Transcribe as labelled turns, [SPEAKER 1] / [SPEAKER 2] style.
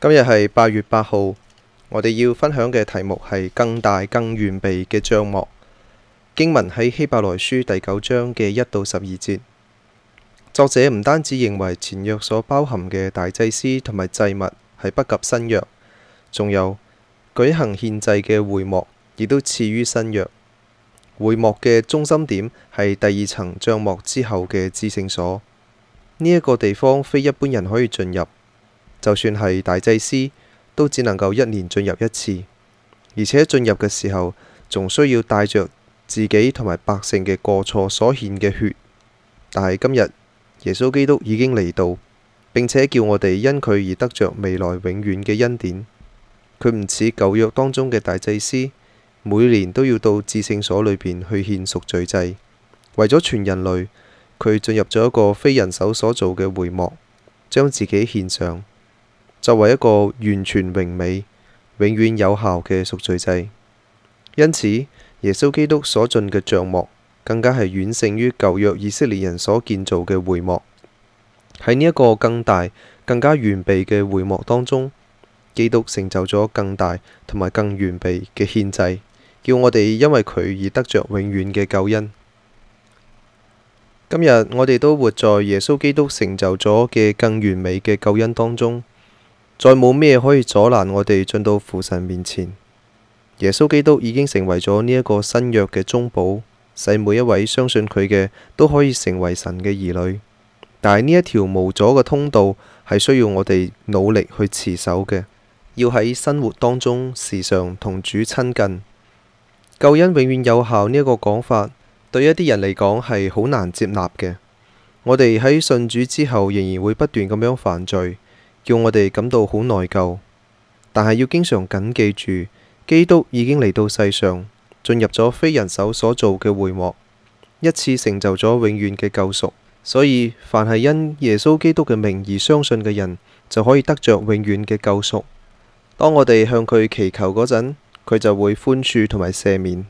[SPEAKER 1] 今日係八月八號，我哋要分享嘅題目係更大更完備嘅帳幕。經文喺希伯來書第九章嘅一到十二節，作者唔單止認為前約所包含嘅大祭司同埋祭物係不及新約，仲有舉行獻祭嘅會幕亦都次於新約。會幕嘅中心點係第二層帳幕之後嘅至聖所，呢、這、一個地方非一般人可以進入。就算係大祭司，都只能夠一年進入一次，而且進入嘅時候仲需要帶着自己同埋百姓嘅過錯所獻嘅血。但係今日耶穌基督已經嚟到並且叫我哋因佢而得着未來永遠嘅恩典。佢唔似舊約當中嘅大祭司，每年都要到至聖所裏邊去獻贖罪祭，為咗全人類，佢進入咗一個非人手所做嘅會幕，將自己獻上。作為一個完全榮美、永遠有效嘅贖罪祭，因此耶穌基督所進嘅帳幕更加係遠勝於舊約以色列人所建造嘅會幕。喺呢一個更大、更加完備嘅會幕當中，基督成就咗更大同埋更完備嘅獻祭，叫我哋因為佢而得着永遠嘅救恩。今日我哋都活在耶穌基督成就咗嘅更完美嘅救恩當中。再冇咩可以阻攔我哋進到父神面前。耶穌基督已經成為咗呢一個新約嘅中保，使每一位相信佢嘅都可以成為神嘅兒女。但係呢一條無阻嘅通道係需要我哋努力去持守嘅，要喺生活當中時常同主親近。救恩永遠有效呢一個講法，對一啲人嚟講係好難接納嘅。我哋喺信主之後，仍然會不斷咁樣犯罪。叫我哋感到好內疚，但係要經常謹記住，基督已經嚟到世上，進入咗非人手所做嘅會幕，一次成就咗永遠嘅救贖。所以凡係因耶穌基督嘅名而相信嘅人，就可以得着永遠嘅救贖。當我哋向佢祈求嗰陣，佢就會寬恕同埋赦免。